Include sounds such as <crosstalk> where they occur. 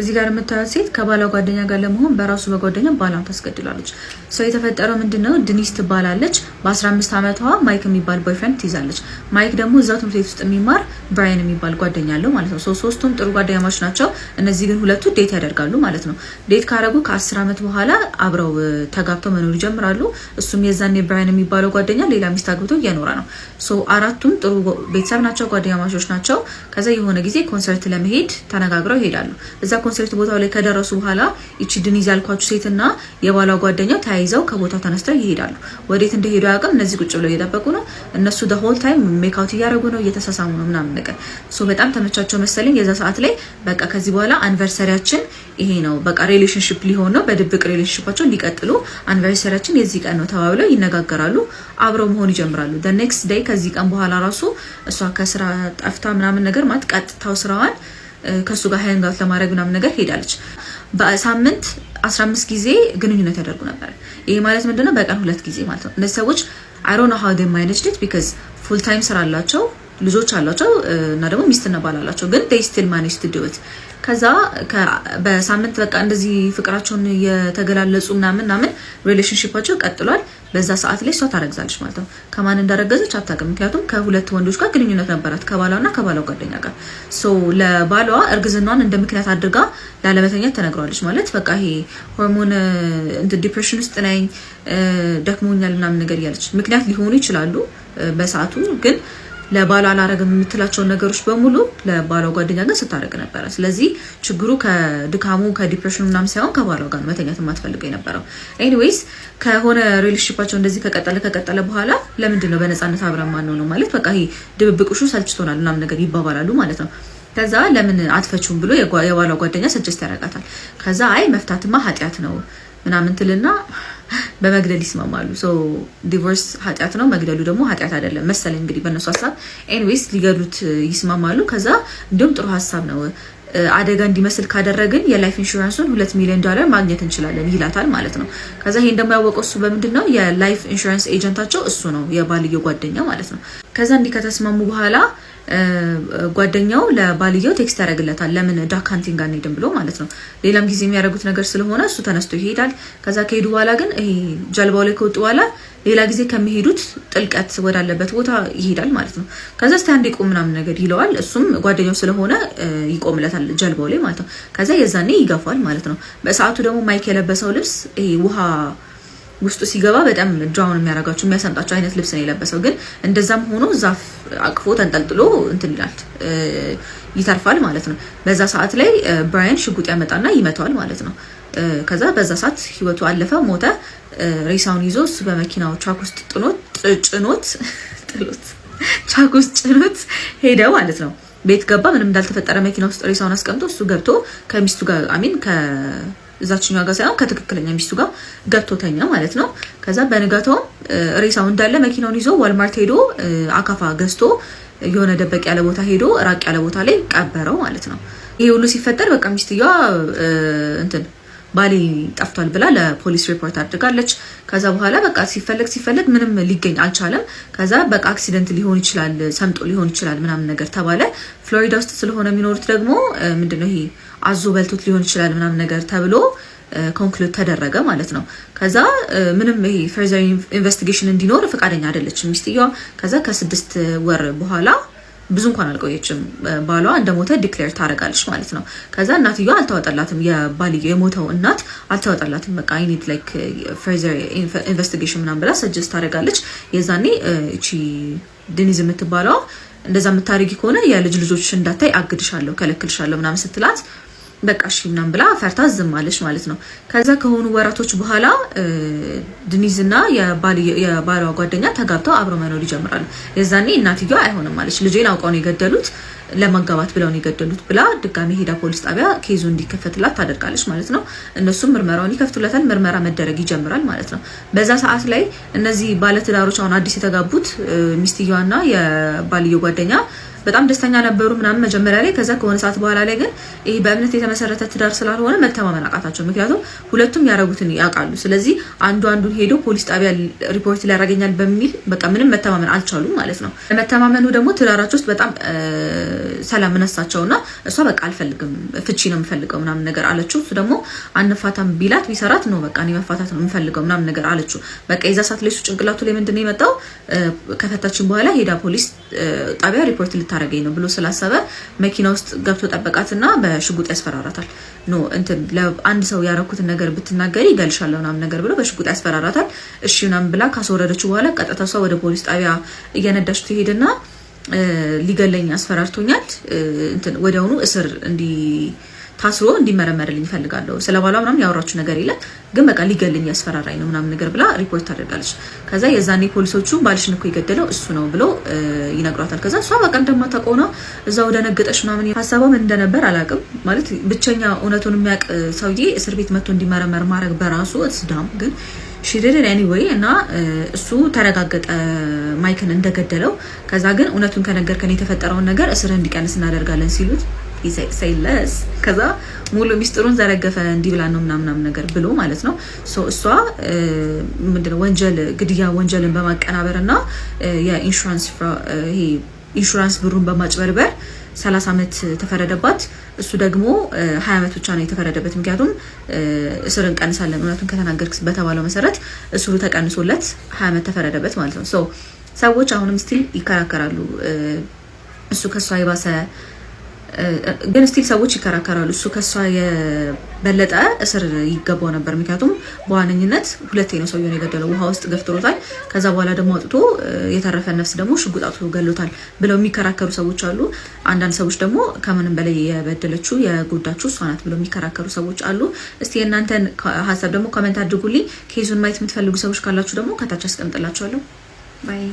እዚህ ጋር የምታዩት ሴት ከባሏ ጓደኛ ጋር ለመሆን በራሱ በጓደኛ ባሏን ታስገድላለች። ሰው የተፈጠረው ምንድነው? ድኒስ ትባላለች። በ15 ዓመቷ ማይክ የሚባል ቦይፍሬንድ ትይዛለች። ማይክ ደግሞ እዛው ትምህርት ቤት ውስጥ የሚማር ብራይን የሚባል ጓደኛ አለው ማለት ነው። ሶስቱም ጥሩ ጓደኛማች ናቸው። እነዚህ ግን ሁለቱ ዴት ያደርጋሉ ማለት ነው። ዴት ካረጉ ከ10 ዓመት በኋላ አብረው ተጋብተው መኖር ይጀምራሉ። እሱም የዛን ብራይን የሚባለው ጓደኛ ሌላ ሚስት አግብቶ እየኖረ ነው። አራቱም ጥሩ ቤተሰብ ናቸው፣ ጓደኛማቾች ናቸው። ከዛ የሆነ ጊዜ ኮንሰርት ለመሄድ ተነጋግረው ይሄዳሉ። እዛ ኮንሰርት ቦታው ላይ ከደረሱ በኋላ ይቺ ድንይዝ ያልኳችሁ ሴትና የባሏ ጓደኛ ተያይዘው ከቦታው ተነስተው ይሄዳሉ። ወዴት እንደሄዱ አያውቅም። እነዚህ ቁጭ ብለው እየጠበቁ ነው። እነሱ ሆል ታይም ሜካውት እያደረጉ ነው፣ እየተሳሳሙ ነው ምናምን ነገር። ሶ በጣም ተመቻቸው መሰለኝ የዛ ሰዓት ላይ በቃ ከዚህ በኋላ አንቨርሰሪያችን ይሄ ነው፣ በቃ ሪሌሽንሽፕ ሊሆን ነው፣ በድብቅ ሪሌሽንሽፓቸው እንዲቀጥሉ አንቨርሰሪያችን የዚህ ቀን ነው ተባብለው ይነጋገራሉ፣ አብረው መሆን ይጀምራሉ። ኔክስት ደይ ከዚህ ቀን በኋላ ራሱ እሷ ከስራ ጠፍታ ምናምን ነገር ማለት ቀጥታው ስራዋን ከእሱ ጋር ሀንጋት ለማድረግ ምናምን ነገር ሄዳለች። በሳምንት 15 ጊዜ ግንኙነት ያደርጉ ነበር። ይሄ ማለት ምንድነው? በቀን ሁለት ጊዜ ማለት ነው። እነዚህ ሰዎች አይሮን ሀው ማኔጅ ቢካዝ ፉል ታይም ስራ አላቸው። ልጆች አላቸው እና ደግሞ ሚስትና ባል አላቸው፣ ግን ዴይ ስቲል ማኔጅ ቱ ዱ ኢት። ከዛ በሳምንት በቃ እንደዚህ ፍቅራቸውን የተገላለጹ ምናምን ምናምን ሪሌሽንሽፓቸው ቀጥሏል። በዛ ሰዓት ላይ እሷ ታረግዛለች ማለት ነው። ከማን እንዳረገዘች አታውቅም፣ ምክንያቱም ከሁለት ወንዶች ጋር ግንኙነት ነበራት ከባሏና ከባሏ ጓደኛ ጋር። ሶ ለባሏ እርግዝናዋን እንደ ምክንያት አድርጋ ላለመተኛት ተነግሯለች ማለት በቃ ይሄ ሆርሞን እንት ዲፕሬሽን ውስጥ ነኝ ደክሞኛል ምናምን ነገር እያለች ምክንያት ሊሆኑ ይችላሉ በሰዓቱ ግን ለባሏ አላረግም የምትላቸውን ነገሮች በሙሉ ለባሏ ጓደኛ ግን ስታደርግ ነበረ። ስለዚህ ችግሩ ከድካሙ ከዲፕሬሽኑ ምናም ሳይሆን ከባሏ ጋር መተኛት የማትፈልገው የነበረው። ኤኒዌይስ ከሆነ ሪሌሽንሺፓቸው እንደዚህ ከቀጠለ ከቀጠለ በኋላ ለምንድን ነው በነፃነት አብረን ማን ነው ማለት በቃ ይሄ ድብብቅሹ ሰልችቶናል ምናምን ነገር ይባባላሉ ማለት ነው። ከዛ ለምን አትፈችውም ብሎ የባሏ ጓደኛ ሰጀስት ያደርጋታል። ከዛ አይ መፍታትማ ኃጢአት ነው ምናምን ትልና በመግደል ይስማማሉ። ዲቮርስ ኃጢአት ነው፣ መግደሉ ደግሞ ኃጢአት አይደለም መሰለኝ እንግዲህ በእነሱ ሀሳብ። ኤንዌይስ ሊገዱት ይስማማሉ። ከዛ እንዲሁም ጥሩ ሀሳብ ነው አደጋ እንዲመስል ካደረግን የላይፍ ኢንሹራንሱን ሁለት ሚሊዮን ዶላር ማግኘት እንችላለን ይላታል ማለት ነው። ከዛ ደግሞ ያወቀው እሱ በምንድን ነው የላይፍ ኢንሹራንስ ኤጀንታቸው እሱ ነው የባልየው ጓደኛ ማለት ነው። ከዛ እንዲህ ከተስማሙ በኋላ ጓደኛው ለባልየው ቴክስት ያደርግለታል። ለምን ዳክ ሃንቲንግ አንሄድም ብሎ ማለት ነው። ሌላም ጊዜ የሚያደርጉት ነገር ስለሆነ እሱ ተነስቶ ይሄዳል። ከዛ ከሄዱ በኋላ ግን ይሄ ጀልባው ላይ ከወጡ በኋላ ሌላ ጊዜ ከሚሄዱት ጥልቀት ወዳለበት ቦታ ይሄዳል ማለት ነው። ከዛ አንድ ይቆም ምናምን ነገር ይለዋል። እሱም ጓደኛው ስለሆነ ይቆምለታል ጀልባው ላይ ማለት ነው። ከዛ የዛኔ ይገፋል ማለት ነው። በሰዓቱ ደግሞ ማይክ የለበሰው ልብስ ይሄ ውሃ ውስጡ ሲገባ በጣም ድራውን የሚያረጋቸው የሚያሰምጣቸው አይነት ልብስ ነው የለበሰው። ግን እንደዛም ሆኖ ዛፍ አቅፎ ተንጠልጥሎ እንትን ይላል ይተርፋል ማለት ነው። በዛ ሰዓት ላይ ብራያን ሽጉጥ ያመጣና ይመታዋል ማለት ነው። ከዛ በዛ ሰዓት ህይወቱ አለፈ፣ ሞተ። ሬሳውን ይዞ እሱ በመኪናው ቻክ ውስጥ ጥኖት ጭኖት <laughs> ጥሎት ቻክ ውስጥ ጭኖት ሄደ ማለት ነው። ቤት ገባ፣ ምንም እንዳልተፈጠረ መኪና ውስጥ ሬሳውን አስቀምጦ እሱ ገብቶ ከሚስቱ ጋር አሚን እዛችኛው ጋር ሳይሆን ከትክክለኛ ሚስቱ ጋር ገብቶተኛ ማለት ነው። ከዛ በንጋታውም ሬሳው እንዳለ መኪናውን ይዞ ዋልማርት ሄዶ አካፋ ገዝቶ የሆነ ደበቅ ያለ ቦታ ሄዶ ራቅ ያለ ቦታ ላይ ቀበረው ማለት ነው። ይሄ ሁሉ ሲፈጠር በቃ ሚስትየዋ እንትን ባሌ ጠፍቷል ብላ ለፖሊስ ሪፖርት አድርጋለች። ከዛ በኋላ በቃ ሲፈለግ ሲፈለግ ምንም ሊገኝ አልቻለም። ከዛ በቃ አክሲደንት ሊሆን ይችላል፣ ሰምጦ ሊሆን ይችላል ምናምን ነገር ተባለ። ፍሎሪዳ ውስጥ ስለሆነ የሚኖሩት ደግሞ ምንድነው ይሄ አዞ በልቶት ሊሆን ይችላል ምናምን ነገር ተብሎ ኮንክሉድ ተደረገ ማለት ነው። ከዛ ምንም ይሄ ፈርዘር ኢንቨስቲጌሽን እንዲኖር ፈቃደኛ አይደለችም ሚስትየዋ። ከዛ ከስድስት ወር በኋላ ብዙ እንኳን አልቆየችም፣ ባሏ እንደሞተ ዲክሌር ታደርጋለች ማለት ነው። ከዛ እናትየዋ አልተዋጠላትም፣ የባልየው የሞተው እናት አልተዋጠላትም። በቃ አይ ላይክ ፈርዘር ኢንቨስቲጌሽን ምናምን ብላ ሰጀስ ታደርጋለች። የዛኔ እቺ ድኒዝ የምትባለዋ እንደዛ የምታደርጊ ከሆነ የልጅ ልጆች እንዳታይ አግድሻለሁ፣ ከለክልሻለሁ ምናምን ስትላት በቃ እሺ ምናምን ብላ ፈርታ ዝም አለች ማለት ነው። ከዛ ከሆኑ ወራቶች በኋላ ድኒዝ እና የባሏ ጓደኛ ተጋብተው አብረው መኖር ይጀምራሉ። የዛኔ እናትየዋ አይሆንም አለች። ልጄን አውቀው ነው የገደሉት ለመጋባት ብለው የገደሉት ብላ ድጋሚ ሄዳ ፖሊስ ጣቢያ ኬዙ እንዲከፈትላት ታደርጋለች ማለት ነው። እነሱም ምርመራውን ይከፍቱለታል። ምርመራ መደረግ ይጀምራል ማለት ነው። በዛ ሰዓት ላይ እነዚህ ባለትዳሮች አሁን አዲስ የተጋቡት ሚስትየዋና የባልየው ጓደኛ በጣም ደስተኛ ነበሩ ምናምን መጀመሪያ ላይ። ከዛ ከሆነ ሰዓት በኋላ ላይ ግን ይሄ በእምነት የተመሰረተ ትዳር ስላልሆነ መተማመን አቃታቸው። ምክንያቱም ሁለቱም ያረጉትን ያውቃሉ። ስለዚህ አንዱ አንዱን ሄዶ ፖሊስ ጣቢያ ሪፖርት ሊያደርገኛል በሚል በቃ ምንም መተማመን አልቻሉም ማለት ነው። መተማመኑ ደግሞ ትዳራቸው ውስጥ በጣም ሰላም ነሳቸውና እሷ በቃ አልፈልግም፣ ፍቺ ነው የምፈልገው ምናምን ነገር አለችው። እሱ ደግሞ አንፋታም ቢላት ቢሰራት ነው በቃ እኔ መፋታት ነው የምፈልገው ምናምን ነገር አለችው። በቃ የዛ ሰዓት ላይ እሱ ጭንቅላቱ ላይ ምንድን ነው የመጣው? ከፈታችን በኋላ ሄዳ ፖሊስ ጣቢያ ሪፖርት ልታረገኝ ነው ብሎ ስላሰበ መኪና ውስጥ ገብቶ ጠበቃትና በሽጉጥ ያስፈራራታል። ኖ እንትን ለአንድ ሰው ያረኩትን ነገር ብትናገሪ ይገልሻለሁ ምናምን ነገር ብሎ በሽጉጥ ያስፈራራታል። እሺ ምናምን ብላ ካስወረደችው በኋላ ቀጥታ እሷ ወደ ፖሊስ ጣቢያ እየነዳች ትሄድና ሊገለኝ አስፈራርቶኛል እንትን ወዲያውኑ እስር እንዲ ታስሮ እንዲመረመርልኝ ይፈልጋለሁ ስለ ባሏ ምናምን ያወራችሁ ነገር የለ፣ ግን በቃ ሊገልኝ ያስፈራራኝ ነው ምናምን ነገር ብላ ሪፖርት ታደርጋለች። ከዛ የዛኔ ፖሊሶቹ ባልሽን እኮ የገደለው እሱ ነው ብሎ ይነግሯታል። ከዛ እሷ በቃ እንደማታውቀው ነው ወደ ነገጠች ምናምን። ሀሳቧ ምን እንደነበር አላውቅም። ማለት ብቸኛ እውነቱን የሚያውቅ ሰውዬ እስር ቤት መጥቶ እንዲመረመር ማድረግ በራሱ እስዳም ግን ሽድድን ኤኒዌይ እና እሱ ተረጋገጠ ማይክን እንደገደለው። ከዛ ግን እውነቱን ከነገርከን የተፈጠረውን ነገር እስር እንዲቀንስ እናደርጋለን ሲሉት ሳይለስ ከዛ ሙሉ ሚስጥሩን ዘረገፈ እንዲህ ብላ ነው ምናምናም ነገር ብሎ ማለት ነው። እሷ ምንድነው ወንጀል ግድያ ወንጀልን በማቀናበር እና የኢንሹራንስ ኢንሹራንስ ብሩን በማጭበርበር 30 ዓመት ተፈረደባት። እሱ ደግሞ 20 ዓመት ብቻ ነው የተፈረደበት። ምክንያቱም እስር እንቀንሳለን እውነቱን ከተናገርክ በተባለው መሰረት እስሩ ተቀንሶለት 20 ዓመት ተፈረደበት ማለት ነው። ሰዎች አሁንም ስቲል ይከራከራሉ እሱ ከእሷ የባሰ ግን ስቲል ሰዎች ይከራከራሉ። እሱ ከእሷ የበለጠ እስር ይገባው ነበር። ምክንያቱም በዋነኝነት ሁለቴ ነው ሰውየውን የገደለው፣ ውሃ ውስጥ ገፍትሮታል። ከዛ በኋላ ደግሞ አውጥቶ የተረፈ ነፍስ ደግሞ ሽጉጣቱ ገሎታል ብለው የሚከራከሩ ሰዎች አሉ። አንዳንድ ሰዎች ደግሞ ከምንም በላይ የበደለችው የጎዳችው እሷ ናት ብለው የሚከራከሩ ሰዎች አሉ። እስቲ የእናንተን ሀሳብ ደግሞ ኮመንት አድርጉልኝ። ኬዙን ማየት የምትፈልጉ ሰዎች ካላችሁ ደግሞ ከታች አስቀምጥላችኋለሁ። ባይ